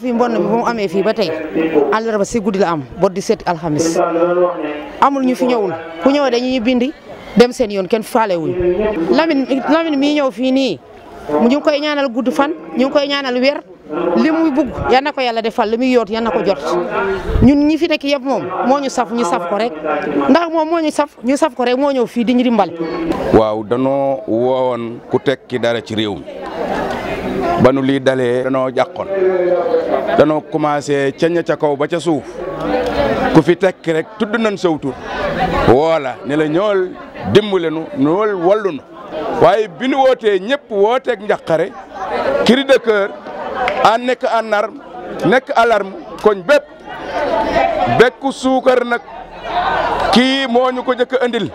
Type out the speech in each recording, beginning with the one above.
fii mbonn bi ba mu amee fii ba tey àllarba si guddi la am ba di seet alxamis amul ñu fi ñëwul ku ñëwee dañuy bindi dem seen yoon kenn faale wuñ Lamine Lamine mii ñëw fii nii ñu ngi koy ñaanal gudd fan ñu ngi koy ñaanal weer li muy bugg yal na ko yàlla defal li muy yoot yal na ko jot ñun ñi fi nekk yëpp moom moo ñu saf ñu saf ko rek ndax moom moo ñu saf ñu saf ko rek moo ñëw fii di ñu dimbal waaw danoo woowoon ku tekki dara ci réew mi ba nu lii dalee danoo jàqoon danoo commencé ca ca kaw ba ca suuf ku fi tekk rek tudd nañ saw tur woola ne la ñool dimbale nu ñool waaye bi nu wootee ñëpp wooteek njaqare cri de cœur a nekk en arme nekk alarme koñ bépp bekku suukar nag kii moo ko njëkk a andil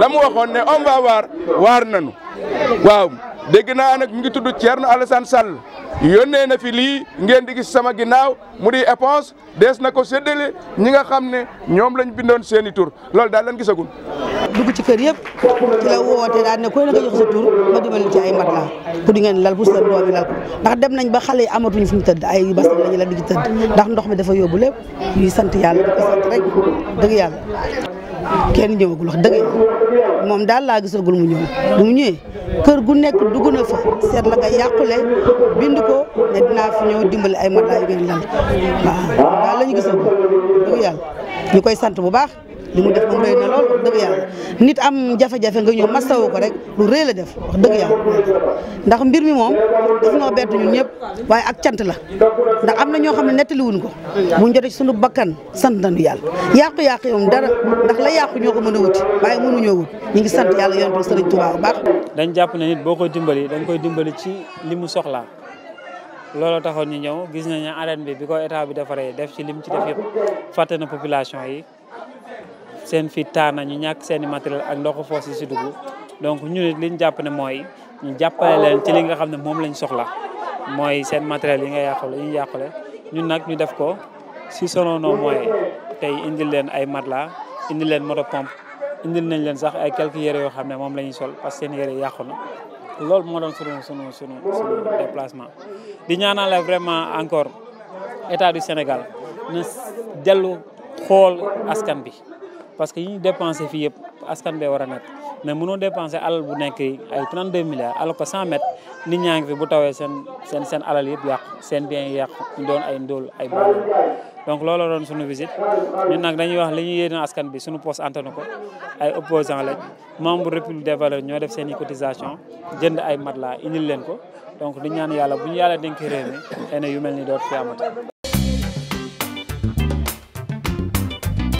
la mu waxoon ne on va waar waar nañu waaw dégg na nak mu ngi tuddu Thierno Alassane Sall yónnee na fi li ngeen digi sama ginau, mu di éponse dees na ko séddale ñi nga xamné ñom lañ bindon seeni tour tur loolu daal lan gisagul. dugg ci kër yépp ci la woté daal né koy na nga jox sa tur ma dimbali ci ay mat la pour di ngeen lal bu sa doobi yi lal ko ndax dem nañ ba xalé yi amatuñ fu ay la di tëdd ndax ndox mi dafa yobul lépp ñuy sant yalla di ko sant rek dëgg yalla kenn ñëwagul wax dëgg mom daal la gisagul mu ñëw mu kër gu nekk dugg na fa seet la nga yàqule bind ko ne dinaa fi ñëw dimbali ay matelas yu ngeen lal waaw daal la ñu gisagum dëgg yàlla ñu koy sant bu ba limu def moom rëy na lool wax dëgg nit am jafé jafé nga ñoo mastawu ko rek lu rëy la def wax deug yalla ndax mbir mi mom def no bett ñun ñëpp waye ak cant la ndax am na ñoo xam ne nettaliwuñ ko mu ñu jotee suñu bakkan sant nañu yalla yaq yaq yoom dara ndax la yaq ñoo ko mën a wuti waaye mënuñoo wut ñi ngi sant yalla yoonu serigne touba bu baax dañ japp ne nit boo dimbali dañ koy dimbali ci limu soxla lolo taxone taxoon ñu ñëw gis nañu arène bi biko état bi défaré def ci lim ci def yépp faté na population yi seen fi taa na ñu ñàkk seeni matériel ak ndoxu foos yi si dugg donc ñu nit li ñu jàpp ne mooy ñu jàppale leen ci li nga xam ne moom lañ soxla mooy seen matériel yi nga yàqule yi ñu yàqule ñun nag ñu def ko si sonono mooy tey indil leen ay matelas indil leen moto pompe indil nañ leen sax ay quelques yére yoo xam ne moom la ñuy sol parce seen yére yàqu na loolu moo doon sunu sunu sunu sunu déplacement di ñaanale vraiment encore état du Sénégal na dellu xool askan bi parce que yi ñu dépensé fii yëpp askan bee war a nekk mais mënoo dépensé alal bu nekk ay 32 milliards alors que 100 mètres nit ñaa fi bu tawee seen seen seen alal yëpp yàqu seen bien yi yàqu ay ndóol ay boobu. donc looloo doon sunu visite ñun nag dañuy wax li ñu yéene askan bi suñu poste antanu ko ay opposant lañ membre république des valeurs ñoo def seen i cotisation jënd ay matelas indil leen ko donc di ñaan yàlla bu ñu yàlla dénk réew mi xëy na yu mel ni dootu fi amati